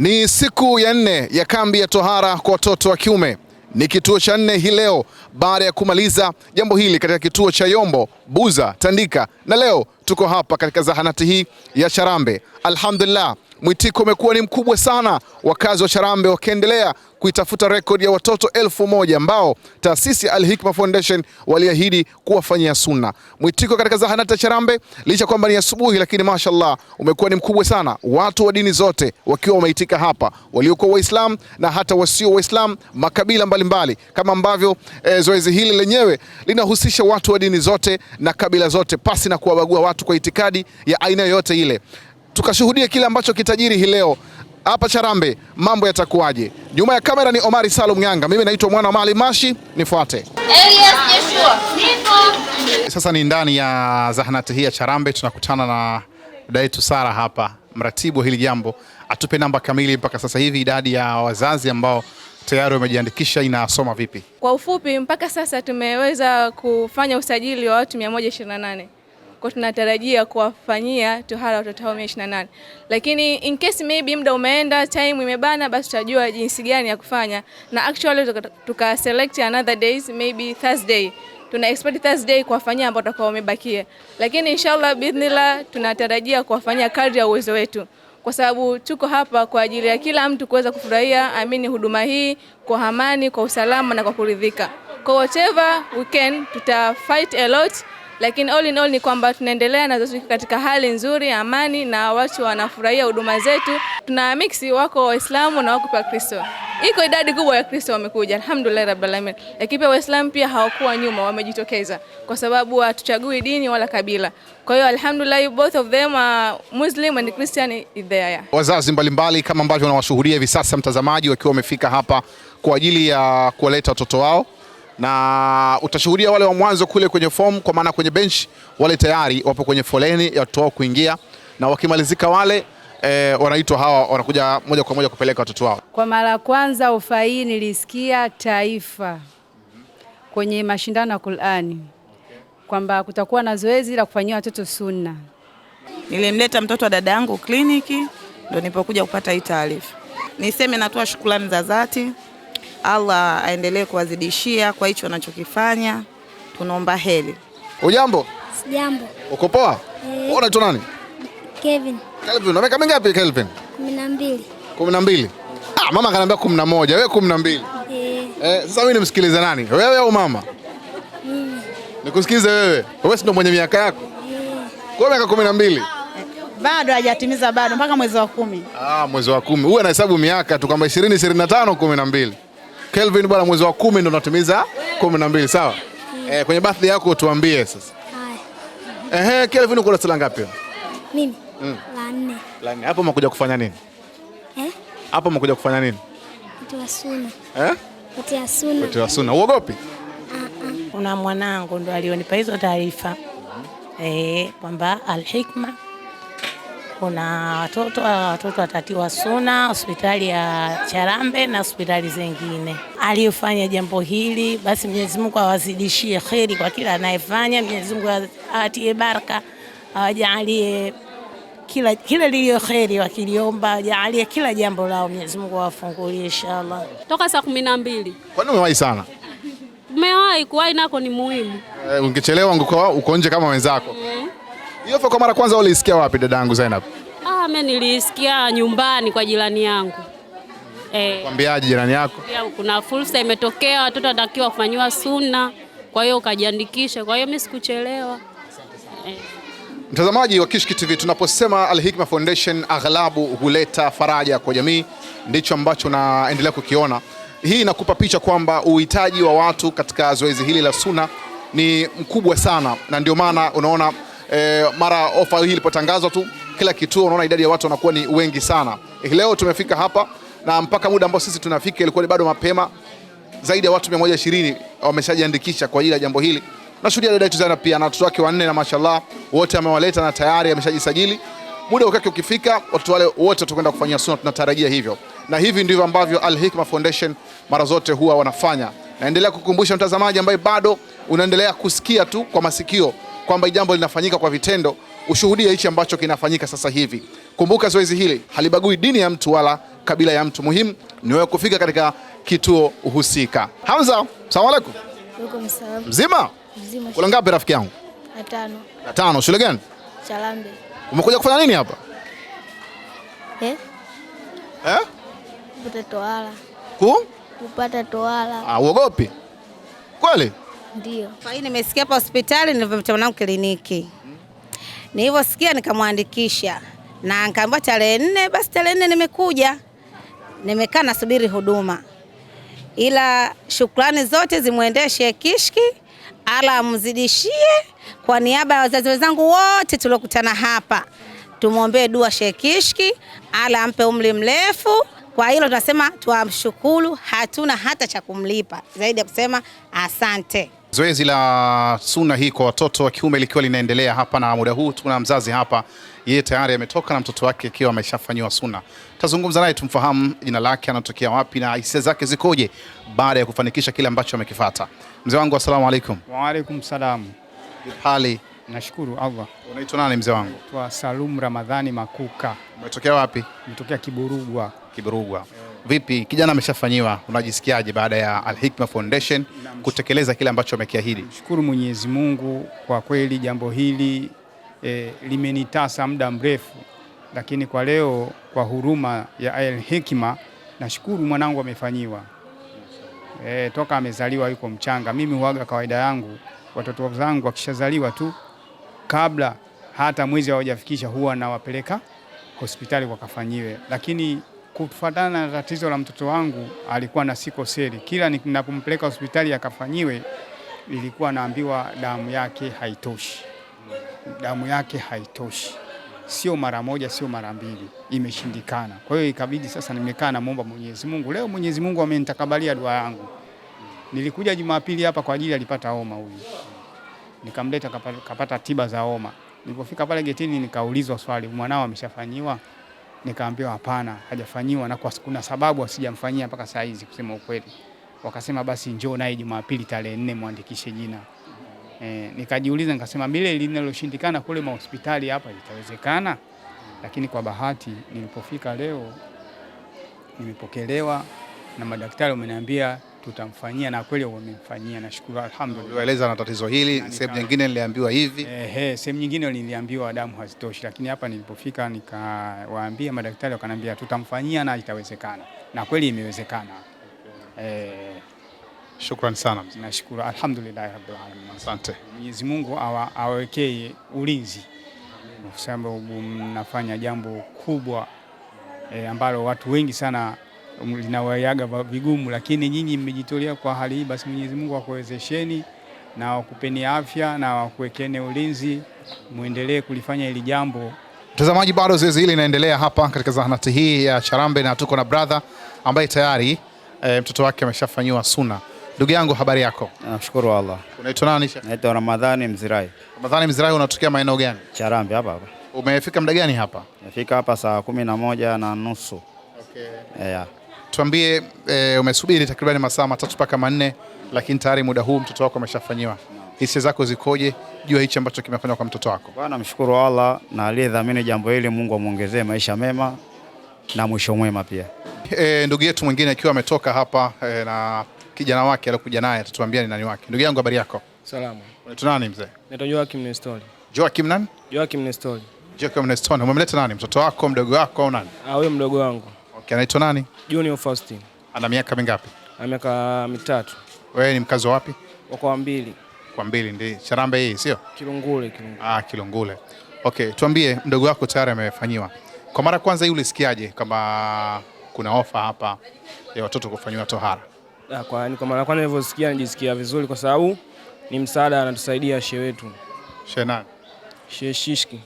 Ni siku ya nne ya kambi ya tohara kwa watoto wa kiume. Ni kituo cha nne hii leo baada ya kumaliza jambo hili katika kituo cha Yombo, Buza, Tandika na leo tuko hapa katika zahanati hii ya Charambe. Alhamdulillah. Mwitiko umekuwa ni mkubwa sana, wakazi wa Charambe wakiendelea kuitafuta rekodi ya watoto elfu moja ambao taasisi ya Al Hikma Foundation waliahidi kuwafanyia sunna. Mwitiko katika zahanati ya Charambe licha kwamba ni asubuhi, lakini mashallah umekuwa ni mkubwa sana, watu wa dini zote wakiwa wameitika hapa, waliokuwa Waislamu na hata wasio Waislamu, makabila mbalimbali mbali. Kama ambavyo e, zoezi hili lenyewe linahusisha watu wa dini zote na kabila zote pasi na kuwabagua watu kwa itikadi ya aina yoyote ile tukashuhudie kile ambacho kitajiri hii leo hapa Charambe, mambo yatakuwaje? Nyuma ya kamera ni Omari Salum Nyanga, mimi naitwa mwana wa Mali Mashi, nifuate. Sasa ni ndani ya zahanati hii ya Charambe, tunakutana na dada yetu Sara hapa, mratibu hili jambo. Atupe namba kamili mpaka sasa hivi, idadi ya wazazi ambao tayari wamejiandikisha inasoma vipi? Kwa ufupi, mpaka sasa tumeweza kufanya usajili wa watu 128 kwa tunatarajia kuwafanyia tohara watoto hao 28. lakini in case maybe muda umeenda, time imebana, basi tutajua jinsi gani ya kufanya, na actually tuka select another days maybe Thursday tuna expect Thursday kuwafanyia ambao watakuwa wamebakia, lakini inshallah bidhnillah tunatarajia kuwafanyia kadri ya uwezo wetu, kwa sababu tuko hapa kwa ajili ya kila mtu kuweza kufurahia amini huduma hii kwa amani, kwa usalama na kwa kuridhika. Kwa whatever we can, tuta fight a lot lakini all in all ni kwamba tunaendelea na zetu katika hali nzuri, amani na watu wanafurahia huduma zetu. Tuna mixi, wako Waislamu na wako pia Kristo, iko idadi kubwa ya Kristo wamekuja, alhamdulillah rabbil alamin. Lakini pia Waislamu pia hawakuwa nyuma, wamejitokeza kwa sababu hatuchagui dini wala kabila. Kwa hiyo alhamdulillah both of them are Muslim and Christian is there, yeah. Wazazi mbalimbali kama ambavyo unawashuhudia hivi sasa, mtazamaji, wakiwa wamefika hapa kwa ajili ya kuwaleta watoto wao na utashuhudia wale wa mwanzo kule kwenye form, kwa maana kwenye bench, wale tayari wapo kwenye foleni ya watoto wao kuingia, na wakimalizika wale e, wanaitwa hawa, wanakuja moja kwa moja kupeleka watoto wao. Kwa mara ya kwanza ofa hii nilisikia Taifa kwenye mashindano ya Qur'ani kwamba kutakuwa na zoezi la kufanyia watoto sunna. Nilimleta mtoto wa dada yangu kliniki, ndio nilipokuja kupata hii taarifa. Niseme natoa shukrani za dhati Allah aendelee kuwazidishia kwa hicho wanachokifanya, Tunaomba heri. Ujambo? Sijambo. Uko poa? Eh. unaitwa nani? Kevin. Kelvin, una miaka mingapi Kelvin? 12. 12. Ah, mama kanaambia 11, wewe 12. Eh. Eh, sasa mimi nimsikilize nani? Wewe au mama? Mimi. Nikusikilize wewe. Wewe si ndo mwenye miaka yako? Eh. Kwa miaka 12. Eh, bado hajatimiza bado mpaka mwezi wa kumi. Ah, mwezi wa kumi. Huyu anahesabu miaka tu kama 20, 25, 12. Kelvin bwana, mwezi wa kumi ndo natimiza kumi na mbili sawa? Mm. Eh, kwenye birthday yako tuambie sasa. Ehe, Kelvin uko darasa ngapi? Mimi. Mm. La nne. La nne. Hapo umekuja kufanya nini? Eh? Hapo umekuja kufanya nini? Kutia suna. Eh? Kutia suna. Kutia suna. Uogopi? Kuna ah, ah. mwanangu ndo alionipa hizo taarifa. Mm -hmm. Eh, kwamba Al-Hikma kuna watoto ah, watoto watatiwa suna hospitali ya Charambe na hospitali zingine. Aliyofanya jambo hili basi Mwenyezi Mungu awazidishie kheri kwa kila anayefanya. Mwenyezi Mungu awatie baraka, awajalie kila kila lilio kheri wakiliomba, awajalie kila jambo lao. Mwenyezi Mungu awafungulie inshallah. Toka saa kumi na mbili. Kwani umewahi sana? Umewahi kuwahi nako ni muhimu. Eh, ungechelewa ungekuwa uko nje kama wenzako. Eh, hiyo ofa kwa mara kwanza uliisikia wapi dadangu Zainab? Ah, mimi nilisikia nyumbani kwa jirani yangu. Eh. Kwambiaje jirani yako? Kuna fursa imetokea watoto watakiwa kufanyiwa suna, kwa hiyo ukajiandikisha. Kwa hiyo mimi sikuchelewa. Eh. Mtazamaji wa Kishki TV, tunaposema Al Hikma Foundation aghlabu huleta faraja kwa jamii, ndicho ambacho naendelea kukiona. Hii inakupa picha kwamba uhitaji wa watu katika zoezi hili la suna ni mkubwa sana, na ndio maana unaona e, mara ofa hii ilipotangazwa tu kila kituo unaona idadi ya watu wanakuwa ni wengi sana. Eh, Leo tumefika hapa na mpaka muda ambao sisi tunafika ilikuwa ni bado mapema. Zaidi ya watu 120 wameshajiandikisha kwa ajili ya jambo hili. Nashuhudia dada yetu Zana pia na watoto wake wanne, na mashallah wote amewaleta na tayari ameshajisajili. Muda ukake ukifika, watoto wale wote tutakwenda kufanyia sunna, tunatarajia hivyo, na hivi ndivyo ambavyo Al Hikma Foundation mara zote huwa wanafanya. Naendelea kukumbusha mtazamaji ambaye bado unaendelea kusikia tu kwa masikio kwamba jambo linafanyika kwa vitendo, ushuhudie hichi ambacho kinafanyika sasa hivi. Kumbuka zoezi hili halibagui dini ya mtu wala kabila ya mtu, muhimu ni wewe kufika katika kituo husika. Hamza, salamu alaykum. Mzima? Mzima. Kula ngapi rafiki yangu? Na tano. Na tano. Shule gani? Chalambe. Umekuja kufanya nini hapa? Eh? Eh? eh? Kupata toala. Ku? Kupata toala. Ah, uogopi? Kweli? Ndio. Kwa hiyo nimesikia hapa hospitali nilivyomta mwanangu kliniki. Nilivyosikia nikamwandikisha na nikaambiwa tarehe nne, basi tarehe nne nimekuja. Nimekaa nasubiri huduma. Ila shukrani zote zimwendeshe Kishki, ala amzidishie kwa niaba ya wazazi wenzangu wote tuliokutana hapa. Tumwombee dua Sheikh Kishki, ala ampe umri mrefu. Kwa hilo tunasema tuwamshukuru, hatuna hata cha kumlipa zaidi ya kusema asante. Zoezi la suna hii kwa watoto wa kiume likiwa linaendelea hapa, na muda huu tuna mzazi hapa, yeye tayari ametoka na mtoto wake akiwa ameshafanyiwa suna. Tazungumza naye tumfahamu jina lake, anatokea wapi na hisia zake zikoje baada ya kufanikisha kile ambacho amekifata. Mzee wangu, asalamu alaikum. Wa alaikum salam. Hali nashukuru Allah. Unaitwa nani mzee wangu? Salum Ramadhani Makuka. Umetokea wapi? Umetokea Kiburugwa. Kiburugwa. Vipi kijana ameshafanyiwa, unajisikiaje baada ya Al Hikma Foundation kutekeleza kile ambacho amekiahidi? Shukuru Mwenyezi Mungu kwa kweli, jambo hili e, limenitasa muda mrefu, lakini kwa leo kwa huruma ya Al Hikma nashukuru mwanangu amefanyiwa. E, toka amezaliwa yuko mchanga. Mimi huaga kawaida yangu watoto wangu wakishazaliwa tu kabla hata mwezi hawajafikisha huwa nawapeleka hospitali wakafanyiwe, lakini kufuatana na tatizo la mtoto wangu alikuwa na siko seli, kila ninapompeleka hospitali akafanyiwe, ilikuwa naambiwa damu yake haitoshi, damu yake haitoshi, sio mara moja, sio mara mbili, imeshindikana. Kwa hiyo ikabidi sasa, nimekaa namuomba Mwenyezi Mungu. Leo Mwenyezi Mungu amenitakabalia dua yangu. Nilikuja Jumapili hapa kwa ajili, alipata homa huyu, nikamleta kapata tiba za homa. Nilipofika pale getini, nikaulizwa swali, mwanao ameshafanyiwa Nikaambiwa hapana, hajafanyiwa na kwa kuna sababu asijamfanyia mpaka saa hizi, kusema ukweli. Wakasema basi njoo naye Jumapili tarehe nne mwandikishe jina. E, nikajiuliza nikasema, bile linaloshindikana kule mahospitali hapa itawezekana? Lakini kwa bahati nilipofika leo nimepokelewa na madaktari wameniambia tutamfanyia na kweli wamemfanyia, nashukuru alhamdulillah. Ueleza na tatizo hili, sehemu nyingine niliambiwa hivi eh, sehemu nyingine niliambiwa damu hazitoshi, lakini hapa nilipofika nikawaambia madaktari, wakaniambia tutamfanyia na itawezekana, na kweli imewezekana. Eh, shukrani sana, nashukuru alhamdulillah rabbil alamin. Asante. Mwenyezi Mungu awawekee ulinzi, kwa sababu mnafanya jambo kubwa eh, ambalo watu wengi sana linawayaga vigumu, lakini nyinyi mmejitolea kwa hali hii, basi Mwenyezi Mungu akuwezesheni na wakupeni afya na wakuwekeni ulinzi, muendelee kulifanya hili jambo. Mtazamaji, bado zoezi hili linaendelea hapa katika zahanati hii ya Charambe na tuko na brother ambaye tayari e, mtoto wake ameshafanyiwa suna. Ndugu yangu, habari yako? Nashukuru Allah. Unaitwa nani? Naitwa Ramadhani Mzirai. Ramadhani Mzirai, unatokea maeneo gani? Charambe hapa hapa. Umefika muda gani hapa? Nimefika hapa saa kumi na moja na nusu. Okay. Yeah tuambie, e, umesubiri takriban masaa matatu mpaka manne, lakini tayari muda huu mtoto wako ameshafanyiwa. Hisia zako zikoje juu ya hichi ambacho kimefanywa kwa mtoto wako? Bwana, mshukuru Allah na aliyedhamini jambo hili, Mungu amwongezee maisha mema na mwisho mwema pia. E, ndugu yetu mwingine akiwa ametoka hapa e, na kijana wake alikuja naye, atatuambia ni nani wake. Ndugu yangu, habari yako? Salamu. Unaitwa nani mzee? Naitwa Joachim Nestori. Joachim nani? Joachim Nestori. Joachim Nestori. Umemleta nani, mtoto wako, mdogo wako au nani? Ah, huyo mdogo wangu yake anaitwa nani? Junior Faustin. Ana miaka mingapi? Ana miaka mitatu. Wewe ni mkazi wa wapi? Wa kwa mbili. Kwa mbili ndi Charambe hii sio? Kilungule, Kilungule. Ah, Kilungule. Okay, tuambie mdogo wako tayari amefanyiwa. Kwa mara kwanza hii ulisikiaje kama kuna ofa hapa ya watoto kufanyiwa tohara? Ah, kwa ni kwa mara kwanza nilivyosikia nijisikia vizuri kwa sababu ni msaada anatusaidia shehe wetu. Shehe nani? Shehe Shishki.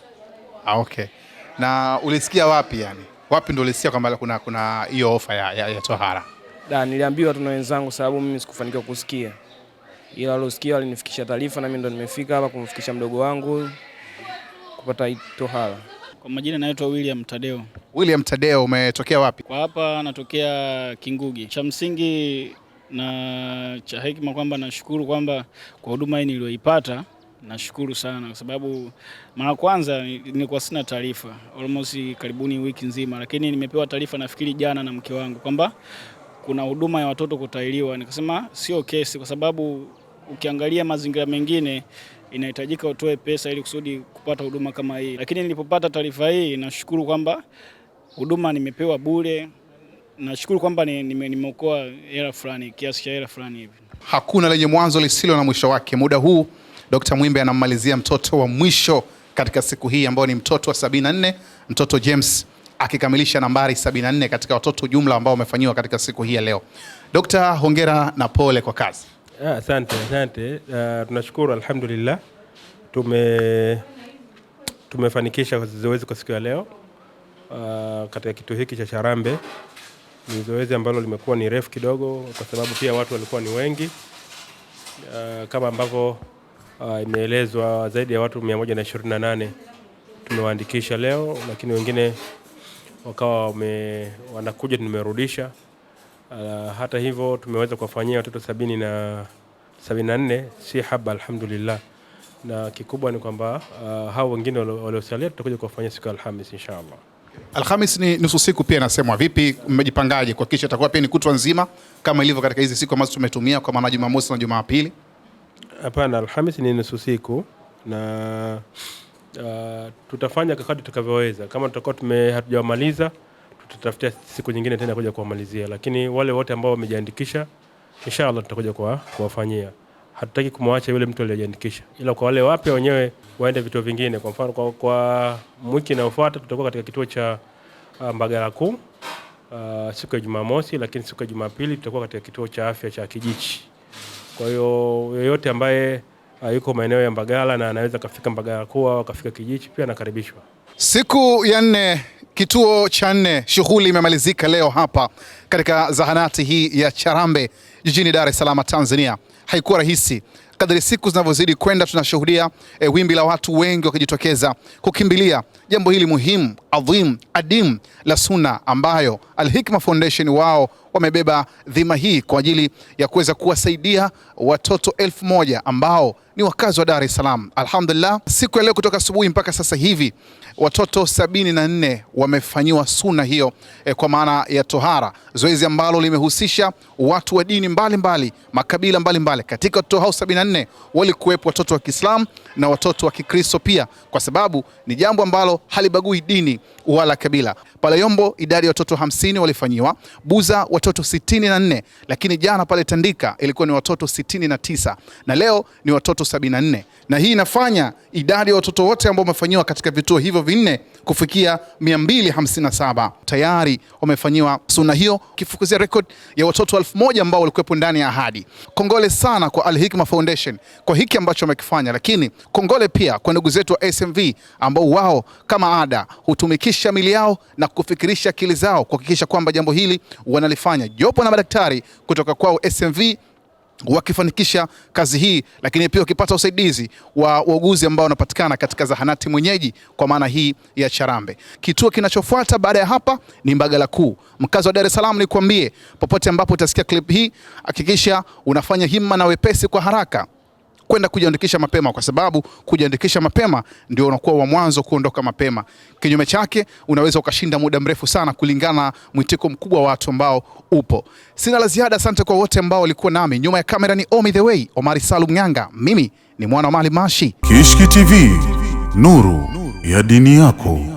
Ah, okay. Na ulisikia wapi yani? wapi ndo ulisikia kwamba kuna kuna hiyo ofa ya, ya, ya tohara? Da, niliambiwa tu na wenzangu, sababu mimi sikufanikiwa kusikia, ila alosikia alinifikisha taarifa, na mimi ndo nimefika hapa kumfikisha mdogo wangu kupata tohara. Kwa majina naitwa William Tadeo. William Tadeo, umetokea wapi? Kwa hapa natokea Kingugi. Cha msingi na cha hekima kwamba nashukuru kwamba kwa huduma hii niliyoipata Nashukuru sana kwa sababu mara kwanza nilikuwa sina taarifa almost karibuni wiki nzima, lakini nimepewa taarifa nafikiri jana na mke wangu kwamba kuna huduma ya watoto kutahiriwa. Nikasema sio kesi, kwa sababu ukiangalia mazingira mengine inahitajika utoe pesa ili kusudi kupata huduma kama hii, lakini nilipopata taarifa hii, nashukuru kwamba huduma nimepewa bure. Nashukuru kwamba nimeokoa hela fulani, kiasi cha hela fulani hivi. Hakuna lenye mwanzo lisilo na mwisho wake. Muda huu Dkt. Mwimbe anammalizia mtoto wa mwisho katika siku hii ambao ni mtoto wa 74 mtoto James akikamilisha nambari 74 katika watoto jumla ambao wamefanyiwa katika siku hii ya leo. Dkt. hongera na pole kwa kazi. Ah, asante, asante. Uh, tunashukuru alhamdulillah, tume tumefanikisha zoezi kwa siku ya leo uh, katika kituo hiki cha Charambe. Ni zoezi ambalo limekuwa ni refu kidogo, kwa sababu pia watu walikuwa ni wengi uh, kama ambavyo uh, imeelezwa zaidi ya watu 128 tumewaandikisha leo, lakini wengine wakawa wame, wanakuja tumerudisha. Uh, ah, hata hivyo tumeweza kuwafanyia watoto sabini na sabini na nne si haba, alhamdulillah na kikubwa ni kwamba uh, hao wengine waliosalia tutakuja kuwafanyia siku ya Alhamis inshallah. Alhamis ni nusu siku pia inasemwa. Vipi, mmejipangaje kuhakikisha itakuwa pia ni kutwa nzima kama ilivyo katika hizi siku ambazo tumetumia kwa maana Jumamosi na Jumapili? Hapana, Alhamis ni nusu siku na uh, tutafanya kadri tutakavyoweza. Kama tutakuwa tume hatujamaliza, tutatafutia siku nyingine tena kuja kuwamalizia, lakini wale wote ambao wamejiandikisha, inshallah tutakuja kuwafanyia. Hatutaki kumwacha yule mtu aliyejiandikisha, ila kwa wale wapya wenyewe waende vituo vingine. Kwa mfano, kwa, kwa wiki inayofuata tutakuwa katika kituo cha ah, Mbagala Kuu uh, siku ya Jumamosi, lakini siku ya Jumapili tutakuwa katika kituo cha afya cha Kijichi. Kwa hiyo yeyote ambaye ah, yuko maeneo ya Mbagala na anaweza akafika Mbagala kuwa akafika Kijichi pia anakaribishwa. Siku ya nne, kituo cha nne, shughuli imemalizika leo hapa katika zahanati hii ya Charambe jijini Dar es Salaam, Tanzania. Haikuwa rahisi. Kadri siku zinavyozidi kwenda, tunashuhudia e, wimbi la watu wengi wakijitokeza kukimbilia jambo hili muhimu, adhim, adimu la Sunna ambayo Al Hikma Foundation wao wamebeba dhima hii kwa ajili ya kuweza kuwasaidia watoto elfu moja ambao ni wakazi wa Dar es Salaam. Alhamdulillah, siku ya leo kutoka asubuhi mpaka sasa hivi watoto sabini na nne wamefanyiwa suna hiyo eh, kwa maana ya tohara, zoezi ambalo limehusisha watu wa dini mbalimbali mbali, makabila mbalimbali mbali. Katika watoto hao sabini na nne walikuwepo watoto wa Kiislamu na watoto wa Kikristo pia, kwa sababu ni jambo ambalo halibagui dini wala kabila. Pale Yombo idadi ya watoto hamsini walifanyiwa, Buza watoto nne, lakini jana pale Tandika ilikuwa ni watoto 69 na leo ni watoto 74, na hii inafanya idadi ya watoto wote ambao wamefanyiwa katika vituo hivyo vinne kufikia 257 tayari wamefanyiwa suna hiyo, kifukuzia rekodi ya watoto elfu moja ambao walikuwepo ndani ya ahadi. Kongole sana kwa Al Hikma Foundation kwa hiki ambacho wamekifanya, lakini kongole pia kwa ndugu zetu wa SMV ambao wao kama ada hutumikisha mili yao na kufikirisha akili zao kuhakikisha kwamba jambo hili wanalifanya. Jopo na madaktari kutoka kwao SMV wakifanikisha kazi hii, lakini pia wakipata usaidizi wa wauguzi ambao wanapatikana katika zahanati mwenyeji kwa maana hii ya Charambe. Kituo kinachofuata baada ya hapa ni Mbagala Kuu. Mkazi wa Dar es Salaam, nikwambie, popote ambapo utasikia clip hii, hakikisha unafanya himma na wepesi kwa haraka kwenda kujiandikisha mapema, kwa sababu kujiandikisha mapema ndio unakuwa wa mwanzo kuondoka mapema. Kinyume chake, unaweza ukashinda muda mrefu sana, kulingana na mwitiko mkubwa wa watu ambao upo. Sina la ziada, asante kwa wote ambao walikuwa nami. Nyuma ya kamera ni Omi the Way, Omari Salum Ng'anga, mimi ni mwana wa Mali Mashi. Kishki TV, nuru ya dini yako.